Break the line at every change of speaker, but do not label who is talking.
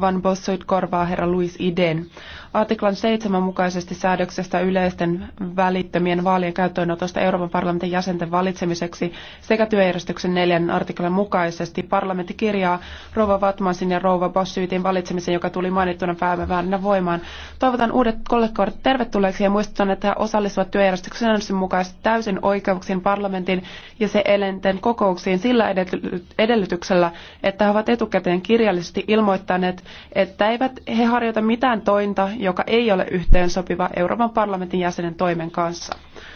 Van Bossoit korvaa herra Louis Iden artiklan 7 mukaisesti säädöksestä yleisten välittömien vaalien käyttöönotosta Euroopan parlamentin jäsenten valitsemiseksi sekä työjärjestyksen 4 artiklan mukaisesti. Parlamentti kirjaa Rouva Vatmansin ja Rouva Bossyytin valitsemisen, joka tuli mainittuna päivänä voimaan. Toivotan uudet kollegat tervetulleeksi ja muistutan, että he osallistuvat työjärjestyksen säännöksen mukaisesti täysin oikeuksien parlamentin ja se elenten kokouksiin sillä edellytyksellä, että he ovat etukäteen kirjallisesti ilmoittaneet, että eivät he harjoita mitään tointa, joka ei ole yhteensopiva Euroopan parlamentin
jäsenen toimen kanssa.